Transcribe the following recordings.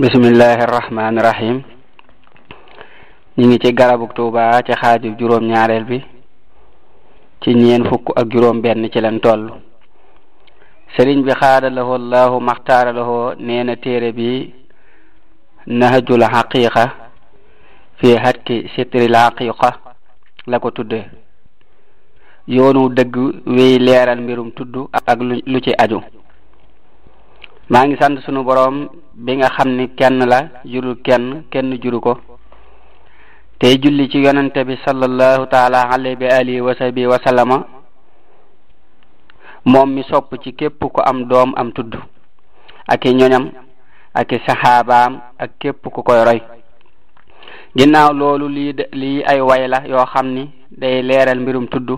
bismillahi rahmaani rahim ñu ngi ci garabug tuuba ci xaaju juróom ñaareel bi ci ñeen fukk ak juróom benn ci leen toll sëriñ bi xaadalahoo allahu maxtaaralahoo nee na téere bi nahjul xaqiqa fi hatki sitril xaqiqa la ko tudde yoonu dëgg wéy leeral mbirum tudd ak lu ci aju maa ngi sant sunu boroom bi nga xam ni kenn la jurul kenn kenn juru ko tey julli ci yonente bi sallallahu taala alayhi bi alihi wa sahbi moom mi sopp ci képp ku am doom am tudd ak i ñoñam ak i ak képp ku koy roy ginnaaw loolu lii ay way la yoo xam ni day leeral mbirum tudd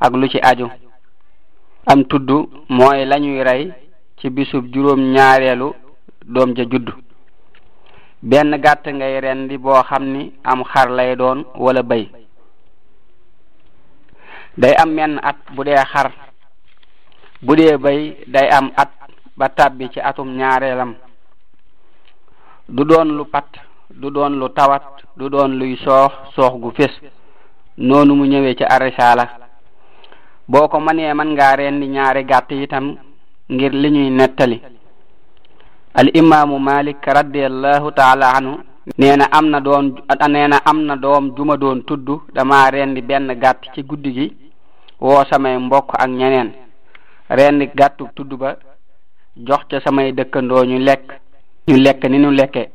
ak lu ci aju am tudd mooy lañuy rey ci bisub juróom ñaareelu doom ja judd benn gàtt ngay rendi boo xam ni am xar lay doon wala béy day am menn at bu dee xar bu dee béy day am at ba tàbbi ci atum ñaareelam du doon lu pat du doon lu tawat du doon luy soox soox gu fés noonu mu ñëwee ci arisaala boo ko mënee mën ngaa rendi ñaari gàtt itam ngir li ñuy nettali al imaamu malik radiallahu taala anhu am na doon am na doom juma doon tudd dama rendi benn gàtt ci guddi gi woo samay mbokk ak ñeneen rendi gàttu tudd ba jox ca samay dëkkandoo ñu lekk ñu lekk ni ñu lekkee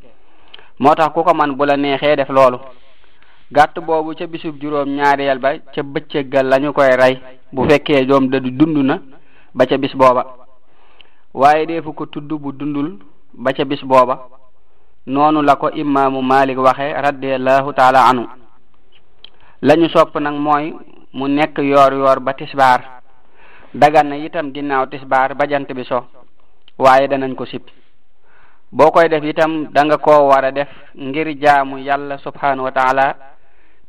moo tax ku ko man bu la neexee def loolu gàtt boobu ca bisu juróom ñaareel ba ca bëccëgal lañu koy rey bu fekkee doom dadu dund na ba ca bis booba waaye deefu ko tudd bu dundul ba ca bis booba noonu la ko imaamu malik waxe radiallahu taala anhu lañu sopp nag mooy mu nekk yoor yoor ba tisbaar dagan na itam ginnaaw tisbaar ba jant bi so waaye danañ ko sib boo koy def itam danga nga koo war a def ngir jaamu yàlla subhanahu wa taala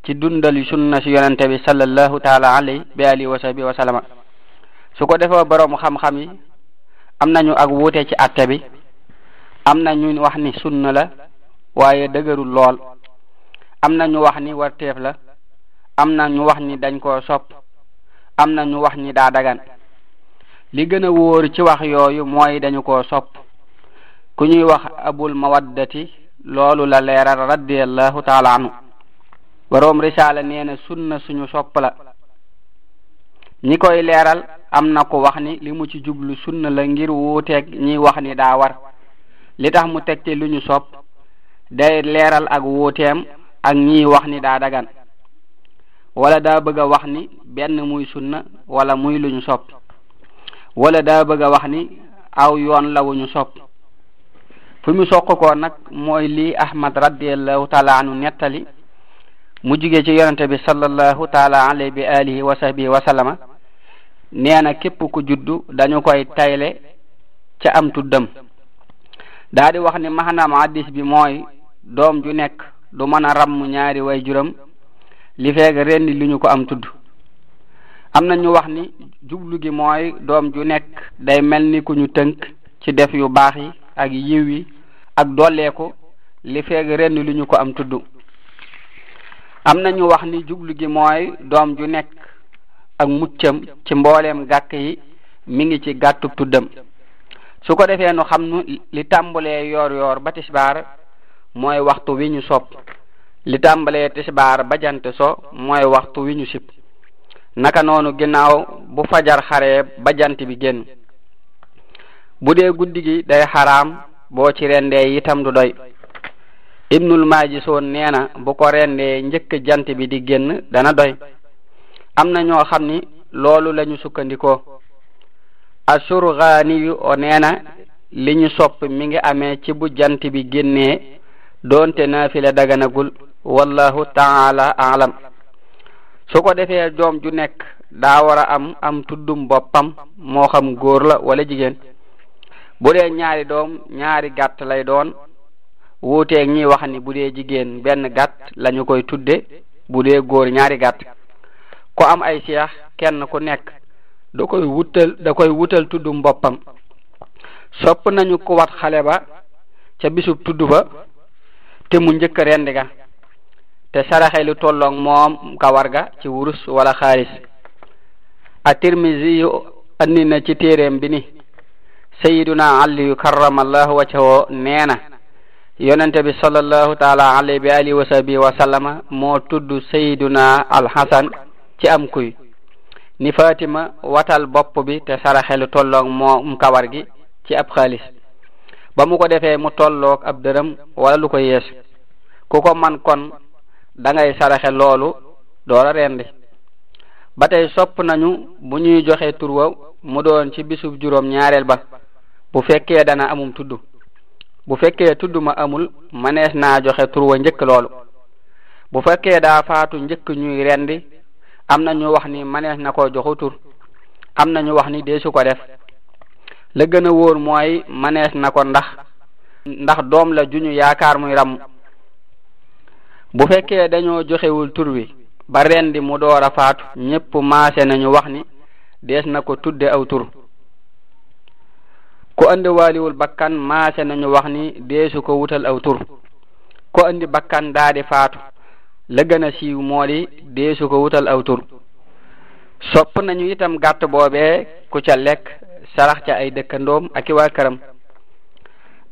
ci dundal sunna si yonente bi sallallahu taala alayhi bi alihi wa sahbi su ko defee borom xam-xam yi am nañu ak wute ci atte bi am na ñu wax ni sunna la waaye dëgërul lool am na ñu wax ni warteef la am na ñu wax ni dañ koo sopp am na ñu wax ni daa dagan li gën a wóor ci wax yooyu mooy dañu koo sopp ku ñuy wax abul mawaddati loolu la leeral radiallahu taala anhu boroom risaala nee na suñu sopp la ñi koy leeral am na ko wax ni li mu ci jublu sunna la ngir wuuteeg ñiy wax ni daa war li tax mu teg ci lu ñu sopp day leeral ak wuuteem ak ñiy wax ni daa dagan wala daa bëgg a wax ni benn muy sunna wala muy lu ñu sopp wala daa bëgg wax ni aw yoon la wu ñu sopp fu mu soq ko nag mooy lii Ahmad radiallahu taala anu nettali mu jugee ci yonente bi sallallahu taala alayhi bi alihi wa sahbihi wa sallama nee na képp ku juddu dañu koy tayle ca am tuddam daa wax ni maanaam hadis bi mooy doom ju nekk du mën a ràmm ñaari way juram li feeg ren li ñu ko am tudd am na ñu wax ni jublu gi mooy doom ju nekk day mel ni ku ñu tënk ci def yu baax yi ak yiw yi ak dolleeku li feeg ren li ñu ko am tuddu am na ñu wax ni jublu gi mooy doom ju nekk ak muccam ci mbooleem gàkk yi mi ngi ci gàttub tuddam su ko defee nu xam nu li tàmbalee yoor yoor ba tisbaar mooy waxtu wi ñu sopp li tàmbalee tisbaar ba jant so mooy waxtu wi ñu sib naka noonu ginnaaw bu fajar xaree ba jant bi génn bu dee guddi gi day xaraam boo ci rendee itam du doy ibnul maajis woon nee na bu ko rendee njëkk jant bi di génn dana doy am na ñoo xam ni loolu lañu sukkandikoo asurganiyu o nee na li ñu sopp mi ngi amee ci bu jant bi génnee doonte naa fi la daganagul wallahu taala alam su ko defee doom ju nekk daa war a am am tuddum boppam moo xam góor la wala jigéen bu dee ñaari doom ñaari gàtt lay doon wuuteeg ñi wax ni bu dee jigéen benn gàtt lañu koy tudde bu dee góor ñaari gàtt ko am ay seex kenn ku nekk da koy wutal koy wutal tuddum mboppam sopp nañu ko wat xale ba ca bisub tudd ba te mu njëkk rendi ga te saraxe lu tolloog moom kawar ga ci wurus wala xaalis a tirmisi yu andi na ci téeréem bi ni sayiduna aliyu karramallahu wajhahu nee yonente bi sallallahu taala alayhi bi alihi wa sahbi wa moo tudd sayduna alxasan ci am kuy ni fatima watal bopp bi te saraxelu tolloog moom kawar gi ci ab xaalis ba mu ko defee mu tollook ab dërëm wala lu ko yees ku ko man kon dangay saraxe loolu doora rendi ba tey sopp nañu bu ñuy joxe turwa mu doon ci bisub juróom ñaareel ba bu fekkee dana amum tudd bu fekkee tudd ma amul manees naa joxe tur wa njëkk loolu bu fekkee daa faatu njëkk ñuy rendi am na ñu wax ni manees na ko joxu tur am na ñu wax ni deesu ko def la gën a wóor mooy manees na ko ndax ndax doom la ju ñu yaakaar muy ram bu fekkee dañoo joxewul tur wi ba rendi mu door a faatu ñépp maase nañu wax ni dees na ko tudde aw tur ko andi waaliwul bakkan maase nañu wax ni deesu ko wutal aw tur ku andi bakkan daadi di faatu la gën a siiw moo di deesu ko wutal aw tur sopp nañu itam gàtt boobee ku ca lekk sarax ca ay dëkkandoom ak i waa këram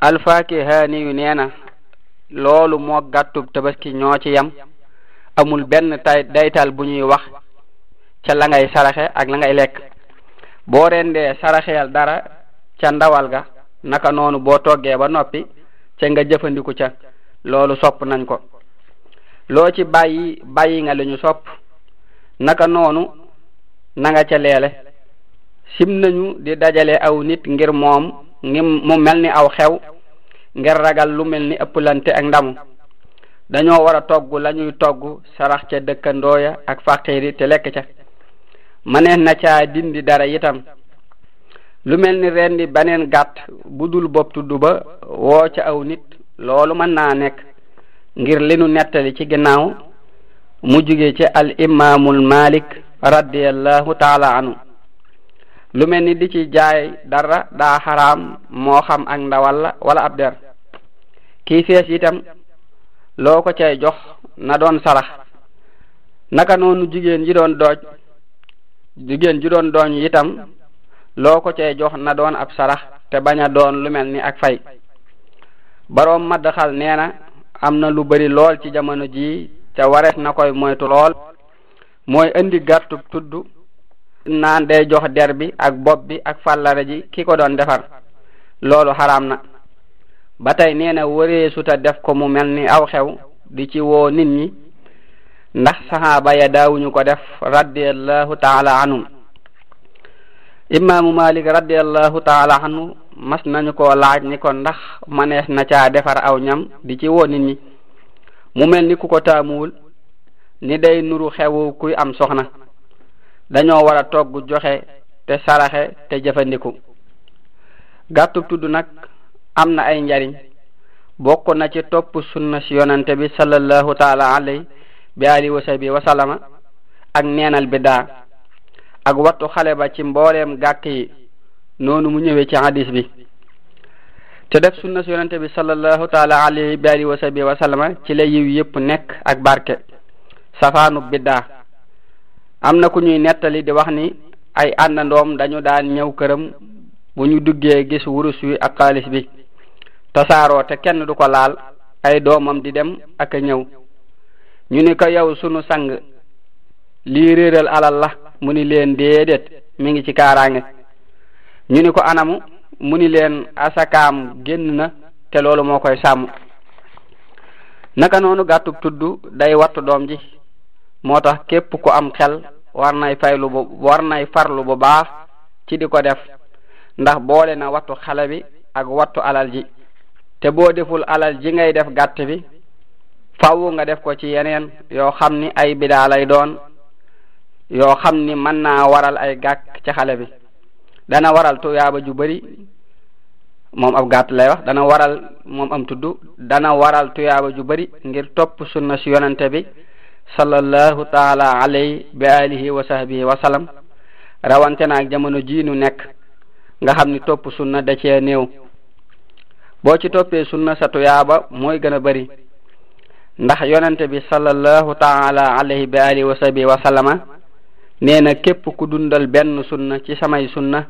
alfaakihani yu nee na loolu moo gàttu tabaski ñoo ci yam amul benn tay daytal bu ñuy wax ca la ngay saraxe ak la ngay lekk boo rendee saraxeel dara ca ndawal ga naka noonu boo toggee ba noppi ca nga jëfandiku ca loolu sopp nañ ko loo ci bàyyi bàyyi nga li sopp naka noonu na nga ca leele sim nañu di dajale aw nit ngir moom ngir mu mel ni aw xew ngir ragal lu mel ni ëpplante ak ndamu dañoo war a togg la ñuy togg sarax ca dëkkandooya ak faqiiri te lekk ca mënees na caa dindi dara itam lu mel ni ren ni baneen gàtt bu dul bopp tudd ba woo ca aw nit loolu mën naa nekk ngir li nu nettali ci ginnaaw mu jugee ci al imaamul malik radiallahu taala anu lu mel ni di ci jaay dara daa xaraam moo xam ak ndawal la wala ab der kii fees itam loo ko cay jox na doon sarax naka noonu jigéen ji doon dooj jigéen ji doon dooñ itam loo ko cee jox na doon ab sarax te bañ a doon lu mel ni ak fay baroom maddaxal nee na am na lu bari lool ci jamono jii te warees na koy moytu lool mooy indi gàttu tudd naan day jox der bi ak bopp bi ak fàllare ji ki ko doon defar loolu xaraam na ba tey nee na wareesuta def ko mu mel ni aw xew di ci woo nit ñi ndax saxaaba ya ko def radiallahu taala anhum imaamu malik radiallahu taala mas nañu ko laaj ni ko ndax manees na caa defar aw ñam di ci woo nit ñi mu mel ni ku ko taamuwul ni day nuru xewu kuy am soxna dañoo war a togg joxe te saraxe te jëfandiku gàttub tudd nag am na ay njariñ bokk na ci topp sunna si yonante bi sallallahu taala alay bi alihi wa sahbi wa sallama ak neenal ak wattu xale ba ci mbooleem gàkk yi noonu mu ñëwee ci hadis bi te def sunna si yonente bi sallallahu taala alayhi bi alihi wa sahbi ci la yiw yëpp nekk ak barke safaanu biddaa am na ku ñuy nettali di wax ni ay àndandoom dañu daan ñëw këram bu ñu duggee gis wurus wi ak xaalis bi tasaaroo te kenn du ko laal ay doomam di dem ak a ñëw ñu ni ko yow sunu sang lii réeral alal la mu ni leen déedéet mi ngi ci kaaraange ñu ni ko anamu mu ni leen asakaam génn na te loolu moo koy sàmm naka noonu gàttub tuddu day wattu doom ji moo tax képp ku am xel war nay faylu bu war nay farlu bu baax ci di ko def ndax boole na wattu xale bi ak wattu alal ji te boo deful alal ji ngay def gàtt bi faaw nga def ko ci yeneen yoo xam ni ay bidaa doon yoo xam ni mën naa waral ay gàkk ci xale bi dana waral tuyaaba ju bari moom ab gàtt lay wax dana waral moom am tudd dana waral tuyaaba ju bari ngir topp sunna si yonente bi sallallahu taala alayhi bi alihi wa sahbihi wa sallam rawante naag jamono jii nu nekk nga xam ni topp sunna da cee néew boo ci toppee sunna sa tuyaaba mooy gën a bari ndax yonente bi sallallahu taala alayhi bi alihi wa wasalama nena na ku dundal benn sunna ci samay sunna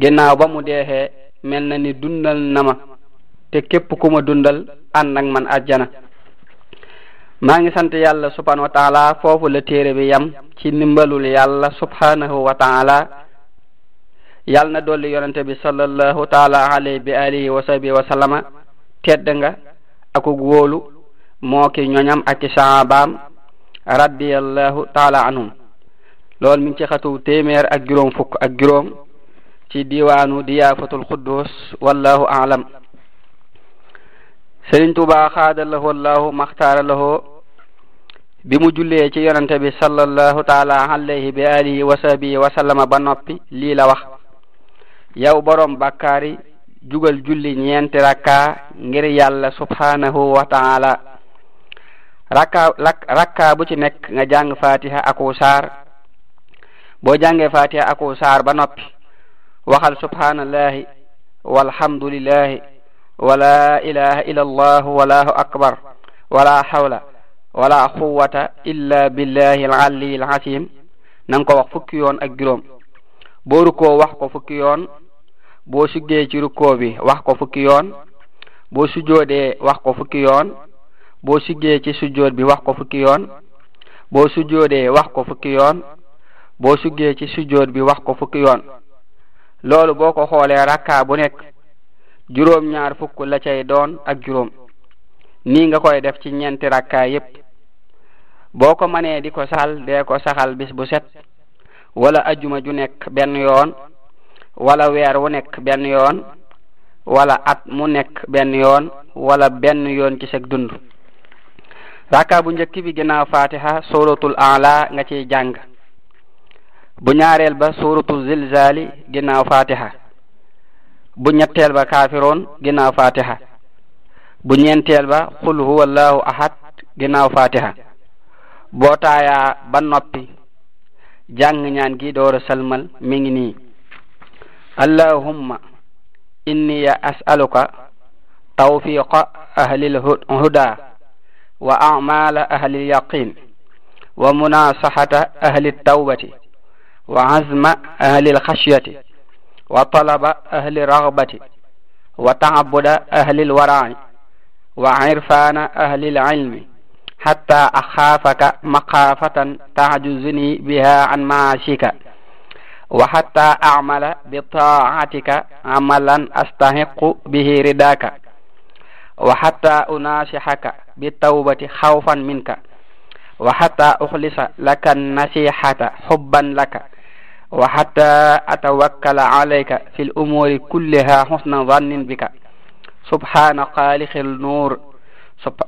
ginnaaw ba mu deexee mel na ni dundal na ma te képp ku ma dundal ànd ak man ajjana maa ngi sant yàlla subhanahu wa foofu la téere bi yam ci ndimbalul yàlla subhanahu wa taala yàlla na dolli yonente bi sallallahu taala alayhi bi alihi wa sahbihi wa sallama tedd nga akug wóolu moo ki ñoñam ak i saabaam radiyallahu taala lool mi ngi ci xatu téeméer ak juróom fukk ak juróom ci diwaanu diyaafatul quddus wallahu alam Sëriñ Tuubaa xaada lahoo allahu maxtaara lahoo bi mu jullee ci yonante bi sallallahu taala alayhi bi alihi wa sahbihi ba noppi lii la wax yow boroom bàkkaari jugal julli ñeenti rakka ngir yàlla subhanahu wa rakka rakka bu ci nekk nga jàng fatiha aku boo jàngee fatiha aku saar ba noppi waxal subhanallahi walhamdulillahi wala ilaha illa allahu wallahu akbar wala hawla wala quwata illa billahi alali alazim na nga ko wax fukki yoon ak juróom boo rukkoo wax ko fukki yoon boo bi wax ko fukki yoon boo sujoodee wax ko fukki yoon boo suggee ci sujood bi wax ko fukki yoon boo boo suggee ci sujjoot bi wax ko fukki yoon loolu boo ko xoolee rakka bu nekk juróom ñaar fukk la cay doon ak juróom nii nga koy def ci ñeenti rakka yépp boo ko mënee di ko saxal dee ko saxal bis bu set wala ajuma ju nekk benn yoon wala weer wu nekk benn yoon wala at mu nekk benn yoon wala benn yoon ci seg dund rakka bu njëkk bi ginnaaw fatiha suratul ala nga ciy jàng bu ñaareel ba suratu zilzali ginnaaw fatiha bu ba kaafiroon ginnaaw fatiha bu ba qul huwa allahu ahad ginnaaw fatiha boo ba noppi jàng ñaan gi door a salmal mi ngi nii allahumma inniya as'aluka tawfiqa ahlil huda wa amala ahlil yaqin wa munasahata ahli tawbati وعزم أهل الخشية وطلب أهل الرغبة وتعبد أهل الورع وعرفان أهل العلم حتى أخافك مخافة تعجزني بها عن معاشك وحتى أعمل بطاعتك عملا أستحق به رداك وحتى أناصحك بالتوبة خوفا منك وحتى أخلص لك النصيحة حبا لك wa hatta atawakkala alayka fi l umuri kulliha husna zannin bika subhana xaaliqi l nuur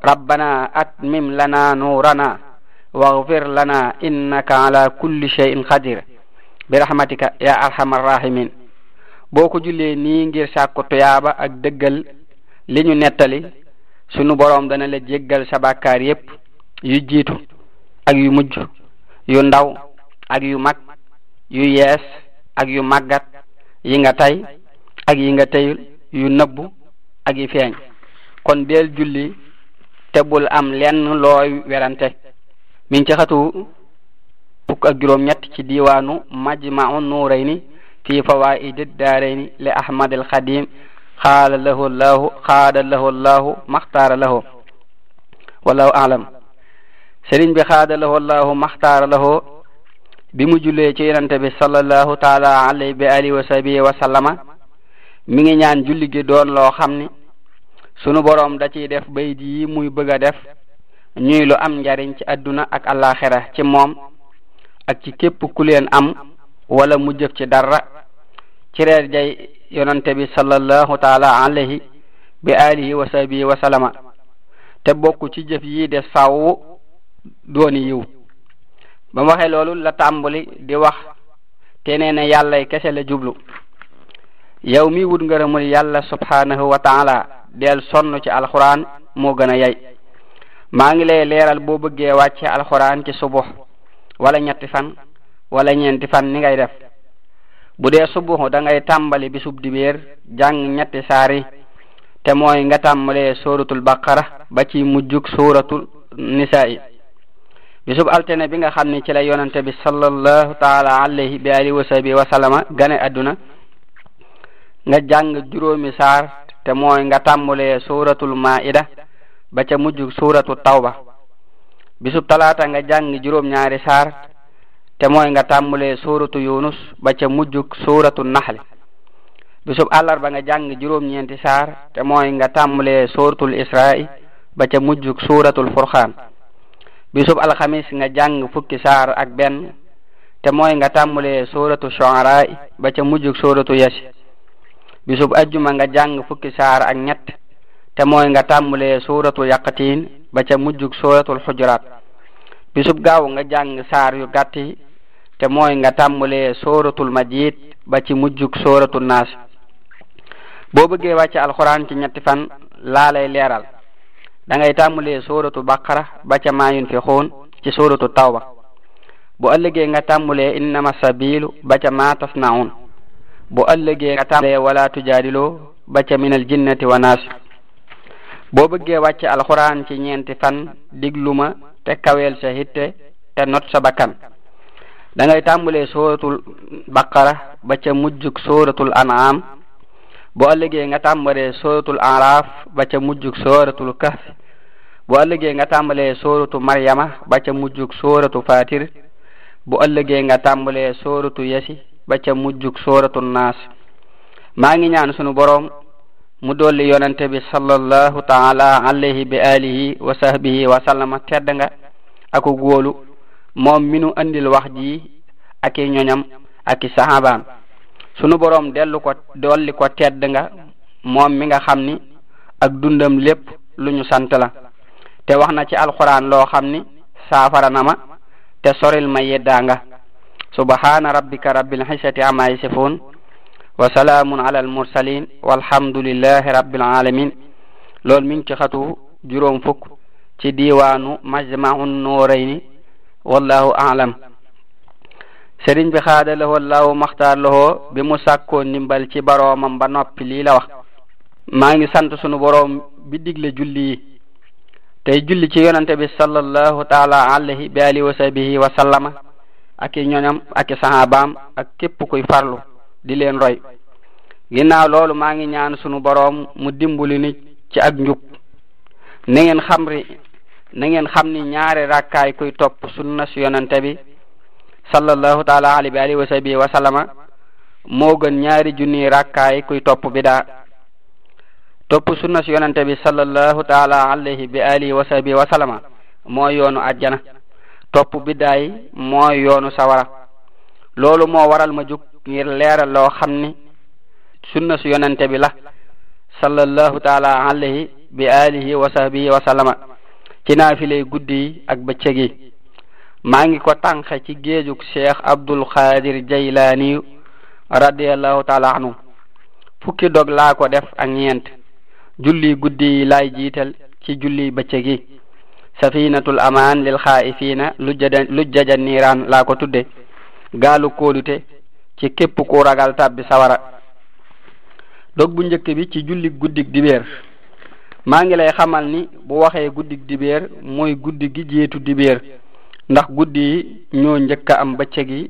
rabbana atmim lana nuurana waghfir lana innaka ala kulli shay'in qadir bi rahmatika ya arhamar rahimin boo ko jullee nii ngir sàkku tuyaaba ak dëggal li ñu nettali sunu boroom dana la jéggal sa bàkkaar yépp yu jiitu ak yu mujj yu ndaw ak yu mag yu yees ak yu màggat yi nga tey ak yi nga teyul yu nëbbu ak yi feeñ kon beel julli te am lenn looy werante mi ngi ci xatu fukk ak juróom ñett ci diiwaanu majmau nuurayni fi fawaidi daarayni li ahmad al xadim xaala lahu llahu xaada lahu llahu maxtaara lahu wallahu alam sëriñ bi mu jullee ci yonente bi sallallahu taala alayhi bi alihi wa sahbihi mi ngi ñaan julli gi doon loo xam ni sunu boroom da ciy def bayit yi muy bëgg a def ñuy lu am njariñ ci adduna ak alaxira ci moom ak ci képp ku leen am wala mu jëf ci dara ci reer jay yonente bi sallallahu taala alayhi bi alihi wa sahbihi te bokk ci jëf yi de sàww dooni yiw ba waxe loolu la tàmbali di wax te nee na yàlla kese la jublu yow mi wut ngërëmul yàlla subhanahu wa taala del sonn ci alxuraan moo gën a yay maa ngi lay leeral boo bëggee wàcce alxuraan ci subuh wala ñetti fan wala ñeenti fan ni ngay def bu dee subuh da ngay tàmbali bisub dibéer jàng ñetti saari te mooy nga tàmbalee suratul baqara ba ci mujjug suratul nisaa bisub altine bi nga xam ni ci lay yonante bi sallallahu taala alayhi bi alihi wa sahbi gane adduna nga jàng juróomi te mooy nga tàmbalee suuratul ca mujj suuratu tawba bisub talaata nga jàng juróom ñaari saar te mooy nga tàmbalee suuratu yunus ba ca mujj suuratu naxli bisub àllarba nga jàng juróom-ñeenti saar te mooy nga tàmbalee suuratul isra'i ba ca mujj suuratul furqaan bisub alxamis nga jàng fukki saar ak benn te mooy nga tàmbulee suratu shu'ara ba ca mujjug suratu yasin bisub ajjuma nga jàng fukki saar ak ñett te mooy nga tàmbulee suratu yaqatiin ba ca mujjug suratul xujuraat bisub gaaw nga jàng saar yu gàtt te mooy nga tàmbulee suratul majid ba ci mujjug suratul naas boo bëggee wàcc alxuraan ci ñetti fan laa lay leeral da ngay tàmmulee suratu baqara ba ca maayun fi xuun ci suratu tawba bu ëllëgee nga tàmmulee innama sabilu ba ca maa tas naun bu ëllëgee nga tàmmulee wala tujaadiloo ba ca minal jinnati wa naas boo bëggee wàcc alxuraan ci ñeenti fan digluma te kaweel sa hitte te not sa bakkan da ngay tàmmulee suratul baqara ba ca mujjug suratul anaam bu ëllëgee nga tàmbalee sooratul araaf ba ca mujjug sooratul kahf bu nga tàmbalee sooratu maryama ba ca mujjug sooratu fatir bu ëllëgee nga tàmbalee sooratu yasi ba ca mujjug sooratu naas maa ngi ñaan sunu borom mu dolli yonante bi sallallahu taala alayhi bi alihi wa sahbihi wa sallama tedd aku góolu moom minu andil wax ji aki ñoñam aki sahabaam sunu boroom dellu ko dolli ko tedd nga moom mi nga xam ni ak dundam lépp lu ñu sant la te wax na ci alxuraan loo xam ni saafara na ma te soril ma yeddaa nga subhaana rabbika rabbil xisati ama yasifuun wa salaamun ala al mursalin walhamdulillahi rabbil alamin mi ngi ci xatu juróom fukk ci diiwaanu wallahu aalam sëriñ bi xaada lahoo law maxtaar lahoo bi mu sàkkoo ndimbal ci baroomam ba noppi lii la wax maa ngi sant sunu boroom bi digle julli yi tey julli ci yonante bi sallallahu taala bi alihi wa sahbihi wa sallama ak i ñoñam ak i sahabaam ak képp kuy farlu di leen roy ginnaaw loolu maa ngi ñaan sunu boroom mu dimbali ni ci ak njub na ngeen xam ri na ngeen xam ni ñaari rakkaay kuy topp sunna si yonante bi sallallahu taala alayhi wa alihi wa sahbihi wa sallama gën ñaari junni rakkaay kuy topp bidaa topp sunna si yonente bi sallallahu taala alayhi bi alihi wa sahbihi mooy yoonu ajjana topp bidaay mooy yoonu sawara loolu moo waral ma jug ngir leeral loo xam ni sunna su yonente bi la sallallahu taala alayhi bi alihi wa sahbihi wa sallama ci guddi yi ak bëccëg yi maa ngi ko tànqe ci géejug cheikh abdul xadir jeylaani radiallahu taala anu fukki dog laa ko def ak ñeent julli guddi laay jiital ci julli bëccëg yi safinatul aman lil xaaifina lu jajan niiraan laa ko tudde gaalu kóolute ci képp ku ragal tabbi sawara dog bu njëkk bi ci julli guddig dibeer maa ngi lay xamal ni bu waxee guddig dibeer mooy guddi gi jeetu dibeer ndax guddi yi ñoo njëkk am ba yi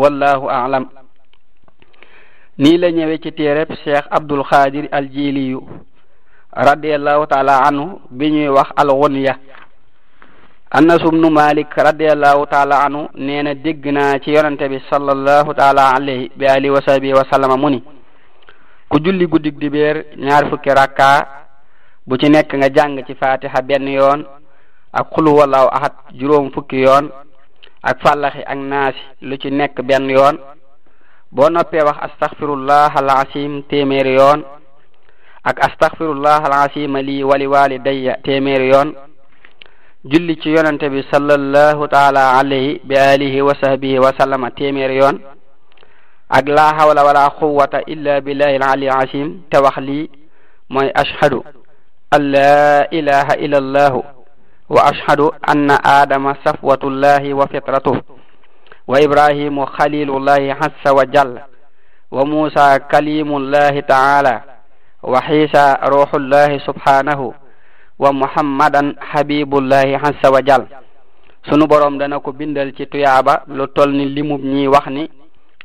wallahu aalam nii la ñëwee ci téereb cheikh abdul xaadir aljiliyu radiallahu taala anhu bi ñuy wax alxunya anas ubnu malik radiallahu taala anhu nee na naa ci yonente bi sallallahu taala alayhi bi alihi wa sahbihi mu ni ku julli guddig dibéer ñaar fukki rakka bu ci nekk nga jàng ci fatiha benn yoon ak xulu walaaw ahad juróom fukki yoon ak fàllaxi ak naasi lu ci nekk benn yoon boo noppee wax astaghfirullah alazim téeméeri yoon ak astaghfirullah alazim li wali walidayya téeméeri yoon julli ci yonante bi sallallahu taala alayhi bi alihi wa sahbihi wa sallama téeméeri yoon ak la hawla wala quwwata illa billahi alali azim te wax lii mooy ashhadu an la ilaha illa allahu wa ashhadu anna aadama safwatullahi wa fitratuh wa ibrahimu khalilullahi azza wa jalla wa musa kalimullahi taala wa xiisa ruhullahi subhanahu wa muhammadan habibullahi azza wa jal sunu boroom dana ko bindal ci tuyaaba lu toll ni limum ñi ni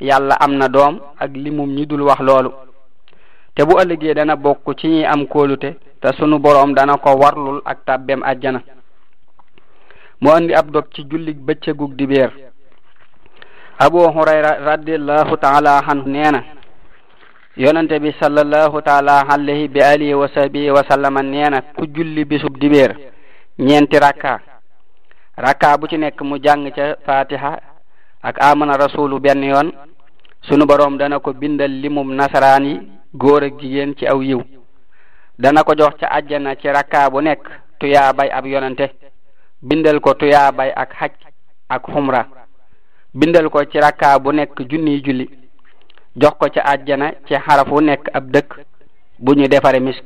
yàlla am na doom ak limum ñi dul wax loolu te bu ëllëgee dana bokk ci ñi am kóolute te sunu boroom dana ko warlul ak tàbbeem ajjana mu andi ab dog ci jullig bëccëgug dibeer abu hurayra radiallahu taala anhu nee bi sallallahu taala alayhi ku julli bisub dibeer ñeenti rakka rakka bu ci nekk mu jàng ca fatiha ak amana rasulu benn yoon sunu dana ko bindal limum nasaraan yi góor ak jigéen ci aw yiw dana ko jox ca àjjana ci rakka bu nekk tuyaa bay ab yonente bindal ko tuyaabay ak xaj ak xumra bindal ko ci rakkaa bu nekk junniy julli jox ko ci àjjana ci xaraf nekk ab dëkk bu ñu defare misk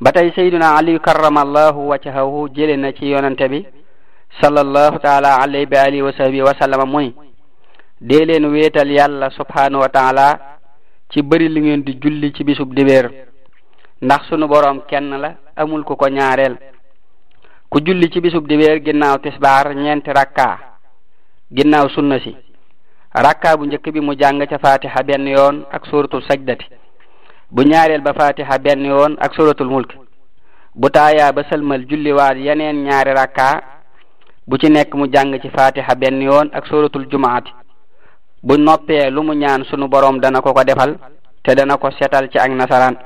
ba tey sayduna aliyu karamallahu wajhahu jële na ci yonante bi sallallahu taala alayhi bi alihi wa sahbihi wa sallama muy dee leen yàlla subhanahu wa ci bëri li ngeen di julli ci bisub dibéer ndax sunu boroom kenn la amul ku ko ñaareel ku julli ci bisub dibéer ginnaaw tisbaar ñeenti rakka ginnaaw sunna si rakka bu njëkk bi mu jàng ca fatiha benn yoon ak suratul sajdati bu ñaareel ba fatiha benn yoon ak suratul mulk bu taayaa ba sëlmal julliwaat yeneen ñaari rakka bu ci nekk mu jàng ci fatiha benn yoon ak suratul jumaati bu noppee lu mu ñaan sunu borom dana ko ko defal te dana ko setal ci ak nasaraan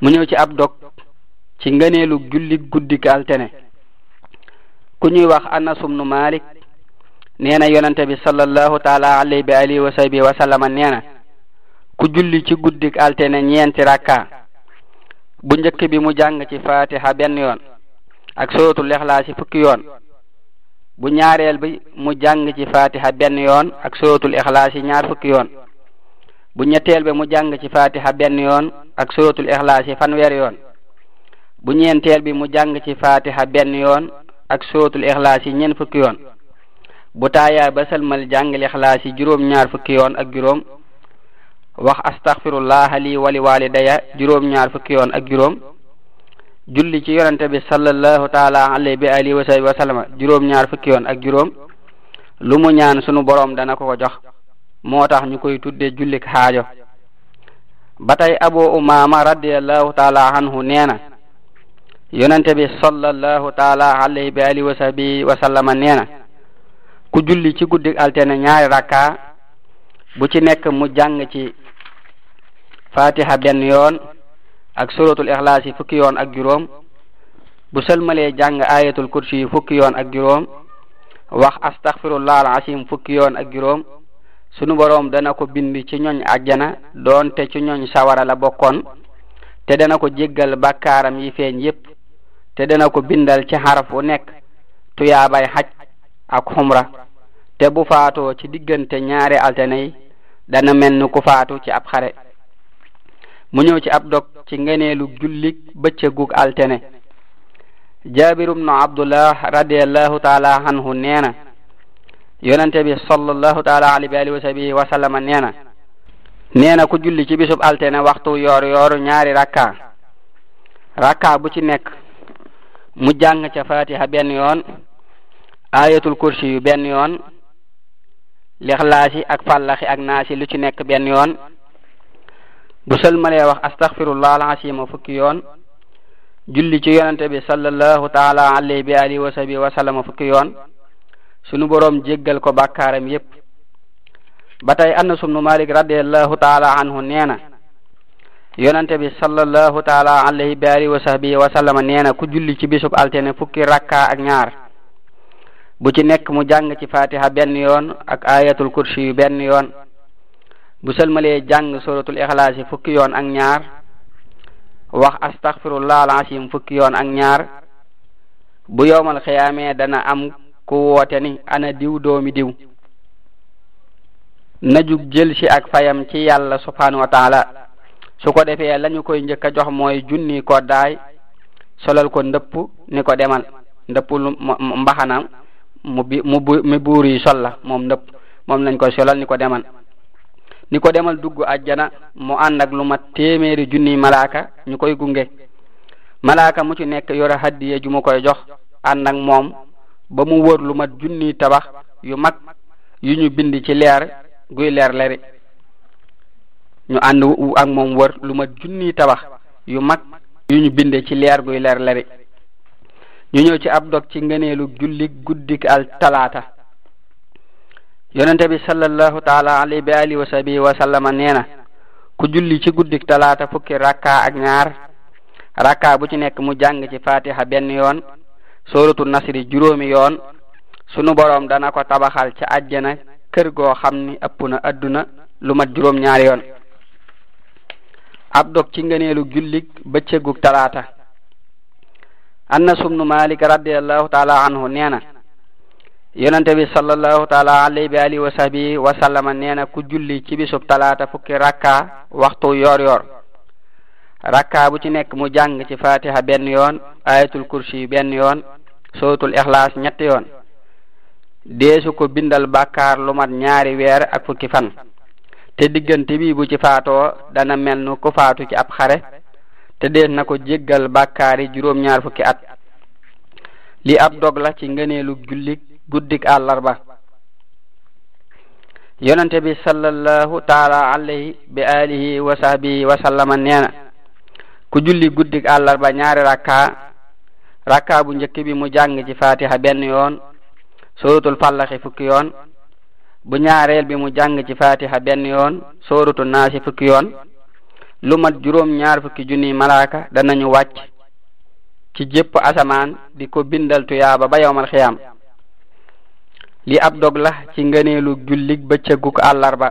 mu ñëw ci ab dog ci ngëneelu julli guddik altene ku ñuy wax anasum nu malik nee na bi sallallahu taala alayhi bi alihi wa sahbi wa ku julli ci guddik altene ñeenti rakka bu njëkk bi mu jàng ci fatiha benn yoon ak suratul ixlaas yi fukki yoon bu ñaareel mu jàng ci fatiha benn yoon ak suratul ixlaas ñaar fukki yoon bu ñetteel bi mu jàng ci fatiha benn yoon ak suratul ixlaas fanweer yoon bu ñeenteel bi mu jàng ci fatiha benn yoon ak sootul ixlaas yi ñeent fukki yoon bu taayaa ba salmal jàngal ixlaas yi juróom ñaar fukki yoon ak juróom wax astaghfirullah li wali walidaya juróom ñaar fukki yoon ak juróom julli ci yonente bi sallallahu taala alayhi bi alihi wa sahbihi wa juróom ñaar fukki yoon ak juróom lu mu ñaan sunu boroom dana ko ko jox moo tax ñu koy tudde jullik xaajo ba tey abu umaama radiallahu taala anhu nee na yonente bi sallallahu taala alayhi bi alihi wa sahbi wa ku julli ci guddi altene ñaari rakka bu ci nekk mu jàng ci fatiha benn yoon ak suratul ixlaas yi fukki yoon ak juróom bu sëlmalee jàng ayatul kursi yi yoon ak juróom wax astaghfirullah al asim fukki yoon ak juróom sunu boroom dana ko bind ci ñooñ ajjana doonte ci ñooñ sawara la bokkoon te dana ko jéggal bakkaaram yi feeñ yépp te dana ko bindal ci xaraf wu nekk tuyaabay xaj ak xumra te bu faatoo ci diggante ñaari altine yi dana mel ni ku faatu ci ab xare mu ñëw ci ab dog ci ngeneelu jullik bëccëgug altine jaabir ibnu abdullah radiallahu taala anhu nee na yonente bi sallallahu taala alayhi wa alihi wa sahbihi wa sallama na ku julli ci bisub altine waxtu yoor yoor ñaari rakka rakka bu ci nekk mu jàng ca fatiha benn yoon ayatul kursi yu benn yoon lixlaasi ak fàllaxi ak naasi lu ci nekk benn yoon bu sëlmalee wax astaghfirullah alasima fukki yoon julli ci yonente bi sallallahu taala alayhi bi alihi wa sahbi wa sallama fukki yoon sunu boroom jéggal ko bàkkaaram yépp ba tey anas ibnu malik radiallahu taala anhu nee yonante bi sallallahu taala alayhi bi alihi wa sahbihi wa sallama nee na ku julli ci bisub altene fukki rakka ak ñaar bu ci nekk mu jàng ci fatiha benn yoon ak ayatul kursi yu benn yoon bu sëlmalee jàng suratul ixlaas fukki yoon ak ñaar wax astaghfirullah alazim fukki yoon ak ñaar bu yowmal xiyaamee dana am ku woote ana diw doomi diw na jug jël ak fayam ci yàlla subhanahu wa su ko defee lañu koy njëkk a jox mooy junni ko daay solal ko ndëpp ni ko demal ndëppul mbaxana mu bi mu mu buur yi sol la moom ndëpp moom lañ koy solal ni ko demal ni ko demal dugg ajjana mu ànd ak lu mat téeméeri junni malaaka ñu koy gunge malaaka mu ci nekk yore haddiye ju mu koy jox ànd ak moom ba mu wër lu mat junni tabax yu mag yu ñu bind ci leer guy leer leri ñu ànd ak moom wër lu mat junniy tabax yu mag yu ñu binde ci leer guy leer lari ñu ñëw ci ab dog ci ngëneelu jullik guddik al talaata yonente bi sallallahu taala alayhi bi alihi wa sahbihi wa nee na ku julli ci guddik talaata fukki rakka ak ñaar rakka bu ci nekk mu jàng ci fatiha benn yoon sóoratu nasri juróomi yoon sunu boroom dana ko tabaxal ci àjjana kër goo xam ni ëpp na adduna lu mat juróom ñaari yoon abdok ci ngeneelu jullik jullig bëccëgug talaata annas ibnu malik radiallahu taala anhu nee na yonente bi sallallahu taala alayhi bi alihi wa sahbi wa sallama nee na ku julli ci bisub talaata fukki rakka waxtu yor yor rakka bu ci nekk mu jàng ci fatiha benn yoon ayatul kursi benn yoon sootul ixlaas ñetti yoon deesu ko bindal bàkkaar lu mat ñaari weer ak fukki fan te diggante bi bu ci faatoo dana melnu nu ku faatu ci ab xare te dees na ko jéggal bàkkaari juróom ñaar fukki at li ab dog la ci ngëneelu jullik guddik àllarba yonante bi sallallahu taala alayhi bi alihi wa sahbihi wa sallama neena ku julli guddik àllarba ñaari rakka rakka bu njëkk bi mu jàng ci fatiha benn yoon suratul fallaxi fukki yoon bu ñaareel bi mu jàng ci fatiha benn yoon sóorutu naasi fukki yoon lu mat juróom ñaar fukki junniy malaaka danañu wàcc ci jépp asamaan di ko bindal tuyaaba ba yawmal xiyaam li ab dog la ci ngëneelu jullig bëccëguk àllarba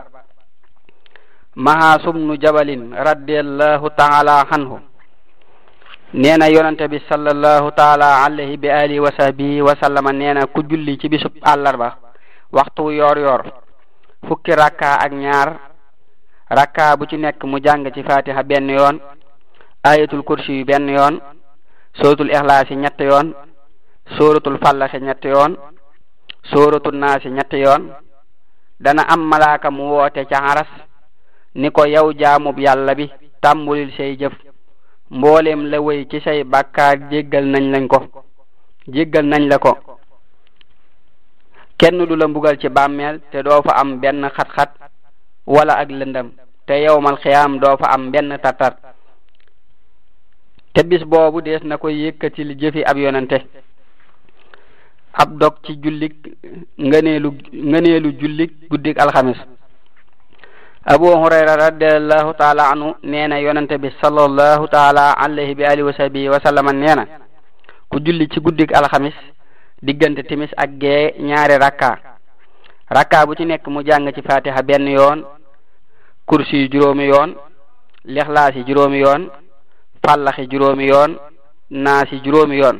maha sumnu jabalin radiallahu taala anhu nee na yonante bi sallallahu taala alayhi bi alihi wa sahbihi wa sallama nee ku julli ci bisub àllarba waxtu yor yor fukki raka ak ñaar raka bu ci nekk mu jàng ci fatiha benn yoon ayatul kursi benn yoon suratul ikhlas ñett yoon suratul falaq ñett yoon suratul nas ñett yoon dana am malaaka mu woote ca aras ni ko yow jaamub yàlla bi tàmbulil say jëf mboolem la wey ci say bàkkaar jéggal nañ lañ ko jéggal nañ la ko kenn du la mbugal ci bàmmeel te doo fa am benn xat-xat wala ak lëndam te yowmal xiyaam doo fa am benn tartar te bis boobu dees na ko yëkkati li jëfi ab yonante ab dog ci jullik ngëneelu ngëneelu jullik guddik alxamis abu hurayra radiallahu taala anhu nee na yonante bi sallallahu taala alayhi bi alihi wa sahbihi wa nee na ku julli ci guddik alxamis diggante timis ak gee ñaari rakka rakka bu ci nekk mu jàng ci fatiha benn yoon kursi yi yoon lixlaas yi juróomi yoon fallax yi juróomi yoon naas yi juróomi yoon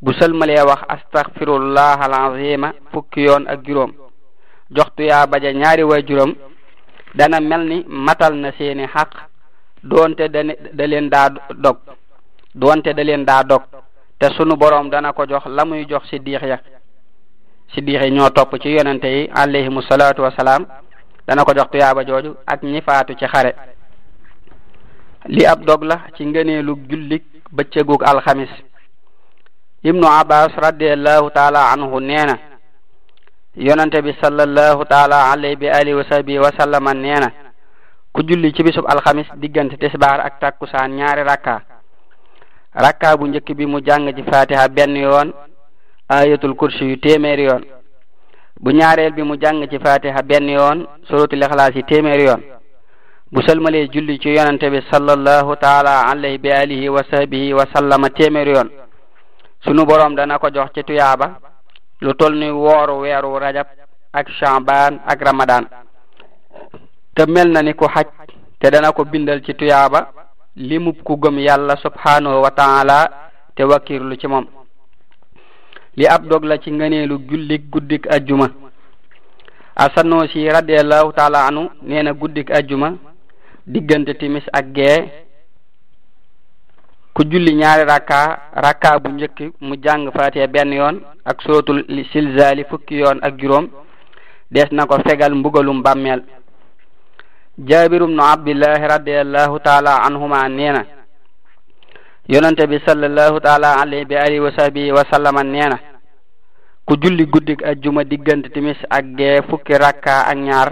bu sëlmalee wax astaghfirullah alazima fukki yoon ak juróom joxtu yaa baja ñaari way juróom dana mel ni matal na seeni xaq doonte da leen daa dog doonte da leen daa dog te sunu boroom dana ko jox lamuy jox si diix ya si ñoo topp ci yonente yi alayhimu salaatu wasalaam dana ko jox tuyaaba jooju ak ñi faatu ci xare li ab dog la ci ngëneelu jullik bëccëgug alxamis ibnu abbas radiallahu taala anhu nee yonente bi sallallahu taala alayhi bi alihi wa sahbi wa ku julli ci bisub alxamis diggante tisbaar ak takkusaan ñaari rakka rakka bu njëkk bi mu jàng ci fatiha benn yoon ayatul kursi yu yoon bu ñaareel bi mu jàng ci fatiha benn yoon suratul ixlaas yi téeméeri yoon bu salmalee julli ci yonante bi sallallahu taala alayhi bi alihi wa sahbihi wa sallama téeméeri yoon sunu borom dana ko jox ci tuyaaba lu tol ni wooru weeru rajab ak chamban ak ramadan te mel na ni ku xaj te dana ko bindal ci tuyaaba limuk ku gëm yàlla subhanahu wa taala te wakkirlu ci moom li ab dog la ci ngëneelu jullik guddik ajjuma asanoo si radiallahu taala anu nee guddik ajjuma diggante timis ak gee ku julli ñaari rakka rakka bu njëkk mu jàng faatiha benn yoon ak suratul silzali fukki yoon ak juróom des na ko fegal mbugalum bàmmeel jabir ibnu abdillahi radiallahu taala anhuma neena yonente bi sallallahu taala alayhi bi alihi wa sahbihi wa neena ku julli guddik ajjuma diggante timis ak fukki rakka ak ñaar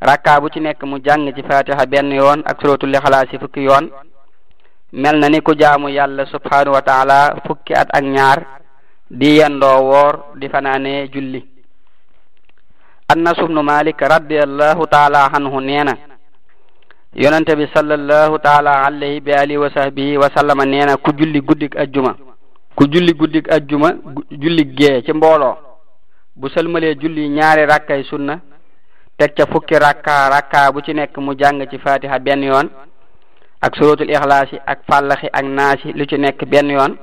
rakka bu ci nekk mu jàng ci fatiha benn yoon ak suratul ixlaas fukki yoon mel na ni ku jaamu yàlla subhanahu wa fukki at ak ñaar di yendoo woor di fanaane julli Anas ibnu Malik radiallahu taala anhu nee yonente bi sallallahu taala alayhi bi ku julli guddik ajjuma ku julli guddik ajjuma julli gee ci mbooloo bu sëlmalee julli ñaari rakkay sunna teg ca fukki rakka rakka bu ci nekk mu jàng ci fatiha benn yoon ak suratul ixlaasi ak fàllaxi ak naasi lu ci nekk benn yoon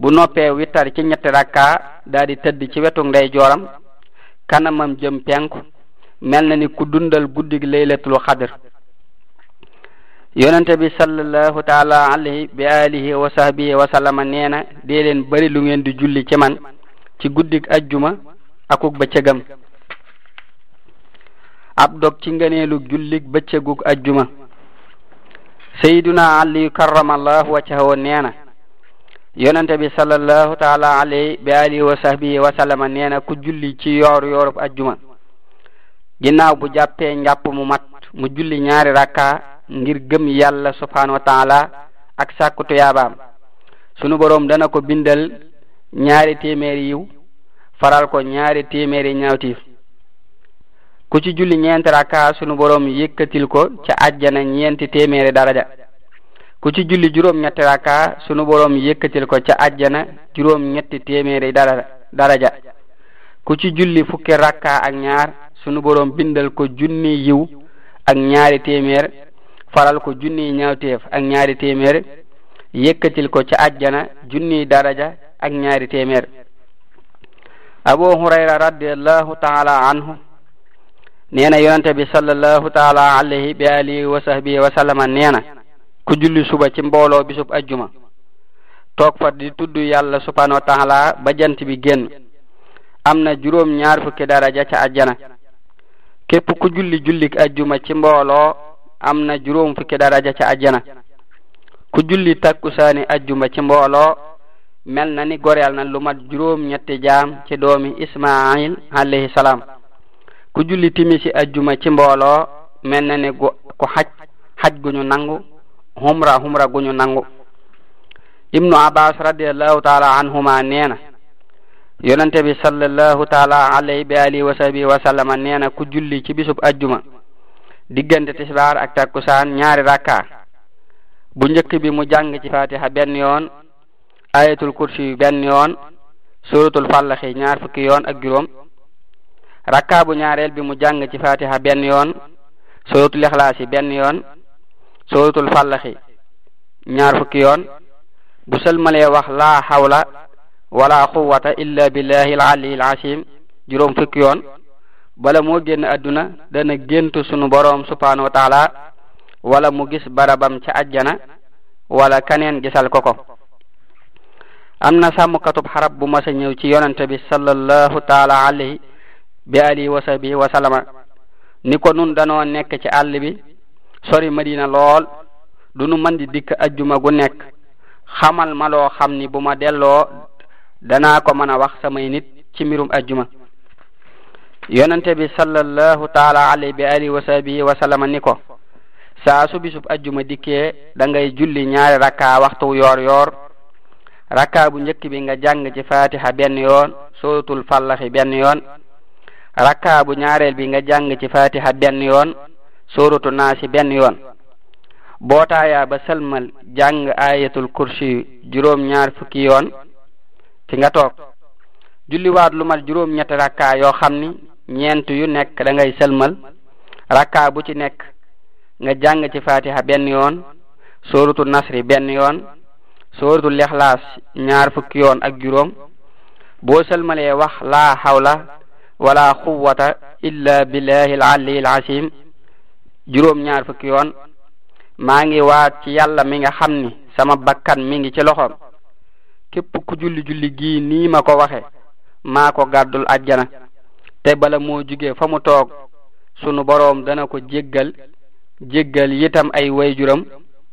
bu noppee wittar ci ñetti rakka daal di tëdd ci wetu ndey jooram kanamam jëm penku mel na ni ku dundal guddig laylatul xadr yonente bi sallallahu taala alayhi bi alihi wa sahbihi wa sallama nee na dee leen bari lu ngeen di julli ci man ci guddig ajjuma akuk bëccëgam ab dog ci ngëneelug jullig bëccëgug ajjuma sayyiduna ali karramallahu wajhahu nee na yonente bi sallallahu taala alay bi alihi wa sahbihi wa ku julli ci yoor yoorub ajjuma ginnaaw bu jàppee njàpp mu mat mu julli ñaari rakka ngir gëm yàlla subhanahu wa taala ak sàkku tuyaabaam sunu borom dana ko bindal ñaari téeméeri yiw faral ko ñaari téeméeri ñaawtiif ku ci julli ñeenti rakka sunu boroom yëkkatil ko ca ajjana ñeenti téeméeri daraja ku ci julli juróom ñetti raka sunu boroom ko ca ajjana juróom ñetti téeméeri daraja ku ci julli fukki rakka ak ñaar sunu bindal ko junni yiw ak ñaari téeméer faral ko junni ñaawteef ak ñaari téeméer yëkkatil ko ca ajjana junni daraja ak ñaari téeméer abu hurayra radiallahu taala anhu nee na bi sallallahu taala alayhi bi alihi wa sahbihi wa ku julli suba ci mbooloo bisub ajjuma toog fa di tudd yàlla subhanahu wa taala ba jant bi génn am na juróom ñaar fukki daraja ca ajjana képp ku julli jullik ajuma ci mbooloo am na juróom fukki daraja ca ajjana ku julli takkusaani ajuma ci mbooloo mel na ni goreel na lu mat juróom ñetti jaam ci doomi ismail alayhi ku julli timisi ajjuma ci mbooloo mel na ni ku xaj xaj gu ñu nangu humra humra guñu nangu ibnu abbas radiyallahu taala anhuma neena yonante bi sallallahu taala alayhi bi alihi wa sahbihi wa sallam neena ku julli ci bisub aljuma diggante tisbar ak takusan ñaari rakka bu ñëkk bi mu jàng ci fatiha benn yoon ayatul kursi benn yoon suratul fallaxi ñaar fukki yoon ak juróom rakka bu ñaareel bi mu jàng ci fatiha benn yoon suratul ikhlasi benn yoon sooratul fàllaxi ñaar fukki yoon bu sëlmalee wax laa hawla wala quwata illa billahi aliyi alacim juróom fukki yoon bala moo génn adduna dana géntu sunu boroom subhanahu wa wala mu gis barabam ci ajjana wala kaneen gisal ko ko am na sàmmkatub xarab bu masa ñëw ci yonente bi sallallahu taala alayhi bi alihi wa sahbihi ni ko nun danoo nekk ci àll bi sori madina lool du nu man di dikk ajjuma gu nekk xamal ma loo xam ni bu ma delloo dana ko mën a wax samay nit ci mbirum ajjuma yonente bi sallallahu taala alayhi bi alihi wa sahbihi ni ko saa su bisub ajjuma dikkee dangay julli ñaari rakka waxtu yoor yoor rakka bu njëkk bi nga jàng ci fatiha benn yoon sootul fallaxi benn yoon rakka bu ñaareel bi nga jàng ci fatiha benn yoon sóoratu naasi benn yoon bootaaya ba sëlmal jàng ayatul kursi juróom ñaar fukki yoon fi nga toog julliwaat lu mat juróom ñetti rakka yoo xam ni ñeent yu nekk dangay ngay rakka bu ci nekk nga jàng ci fatiha benn yoon sóoratu nasri benn yoon sóoratu lexlaas ñaar fukki yoon ak juróom boo sëlmalee wax laa hawla wala quwwata illa billahi al aliyyil azim juróom ñaar fukki yoon maa ngi waat ci yàlla mi nga xam ni sama bakkan mi ngi ci loxoom képp ku julli julli gii nii ma ko waxe maa ko gàddul ajjana te bala moo jugee fa mu toog sunu boroom dana ko jéggal jéggal yitam ay wayjuram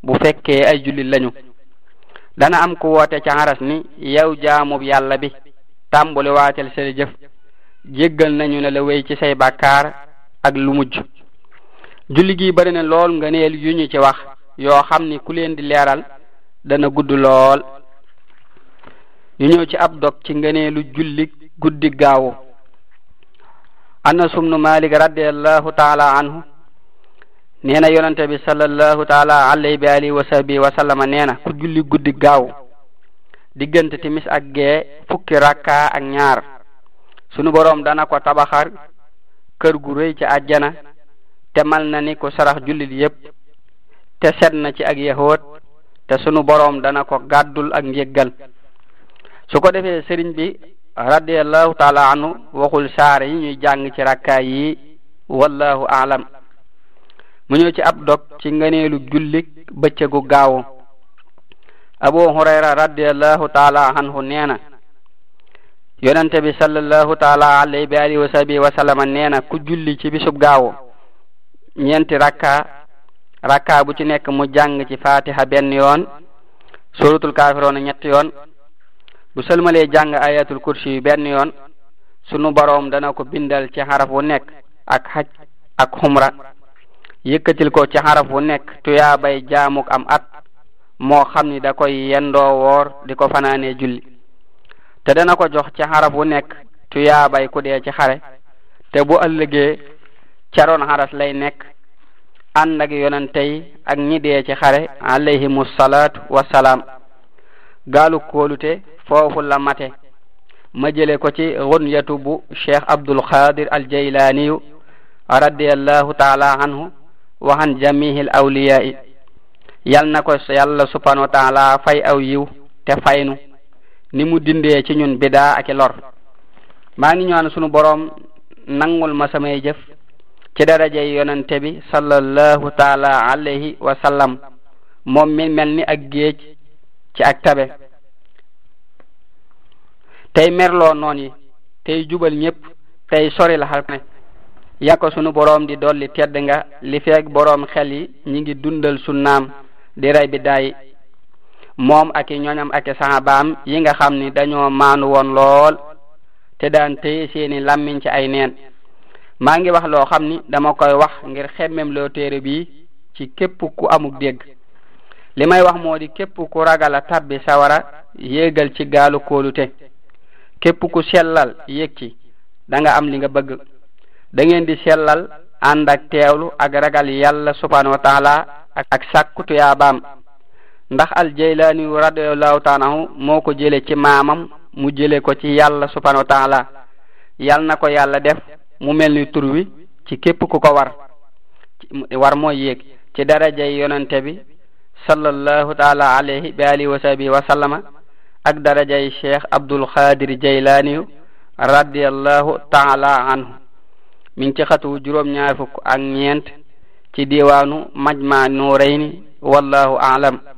bu fekkee ay jullit lañu dana am ku woote ca xaras ni yow jaamub yàlla bi tàmbuli waatel seen jëf jéggal nañu ne la wéy ci say bàkkaar ak lu mujj julli gi bari na lool nga yu ñu ci wax yoo xam ni ku leen di leeral dana gudd lool ñu ñëw ci ab dog ci ngëneelu julli guddi gaawu anas ibnu malik radiallahu taala anhu nee na yonante bi sallallahu taala alayhi bi alihi wa sahbi wa na ku julli guddi gaaw diggante timis ak gee fukki rakka ak ñaar sunu boroom dana ko tabaxar kër gu réy ci àjjana te mal na ni ku sarax jullit yépp te set na ci ak yahoot te sunu boroom dana ko gàddul ak njéggal su ko defee sëriñ bi radiallahu taala anhu waxul saare yi ñuy jàng ci rakkaay yi wallahu aalam mu ñëw ci ab dog ci ngëneelu jullik bëccëgu gaawu abu hurayra radiallahu taala anhu nee na bi sallallahu taala alayhi wa alihi wa sahbihi wa ku julli ci bisub gaawu ñeenti rakka rakka bu ci nekk mu jàng ci fatiha benn yoon suratul kaafiroona ñetti yoon bu sëlmalee jàng ayatul kursi benn yoon sunu boroom dana ko bindal ci xaraf wu nekk ak xaj ak xumra yëkkatil ko ci xaraf wu nekk tuyaabay jaamuk am at moo xam ni da koy yendoo woor di ko fanaanee julli te dana ko jox ci xaraf wu nekk tuyaabay ku dee ci xare te bu ëllëgee caroon xaras lay nekk ànd ak yonante yi ak ñi dee ci xare alayhimu salaatu wasalaam gaalu kóolute foofu la mate ma jële ko ci xunyatu bu cheikh abdul xadir al jeylaaniyu radiallahu taala anhu waxan jamihi al awliya yi yal na ko yàlla subhanau wa taala fay aw yiw te faynu ni mu dindee ci ñun bidaa ak lor maa ngi ñaan sunu boroom nangul ma samay jëf ci darajey yonente bi sallallahu taala alayhi wa moom mi mel ni ak géej ci ak tabe tey merloo noon yi tey jubal ñépp tey sori la xalkane sunu boroom di dolli tedd nga li feeg boroom xel yi ñi ngi dundal sunnaam di rey moom ak i ñooñam ak saxaabaam yi nga xam ni dañoo maanu woon lool te daan téye seeni làmmiñ ci ay neen maa ngi wax loo xam ni dama koy wax ngir xemmem loo téere bi ci képp ku amuk dégg li may wax moo di képp ku ragal a tabbi sawara yéegal ci gaalu koolute képp ku sellal yéeg ci da am li nga bëgg da ngeen di sellal ànd ak teewlu ak ragal yàlla subhanahu wa ak sàkku tuyaabaam ndax aljaylaani radiyallahu taala anhu moo ko jële ci maamam mu jële ko ci yàlla subhanahu wa na ko yàlla def mu mel ni tur ci képp ku ko war war mooy yéeg ci darajay yonante bi sallallahu taala alayhi bi alihi wa sahbihi ak darajay cheikh abdul xaadir jaylaaniyu radiallahu taala anhu mi ngi ci xatu juróom-ñaar ak ñeent ci diwaanu majma nuurayni wallahu aalam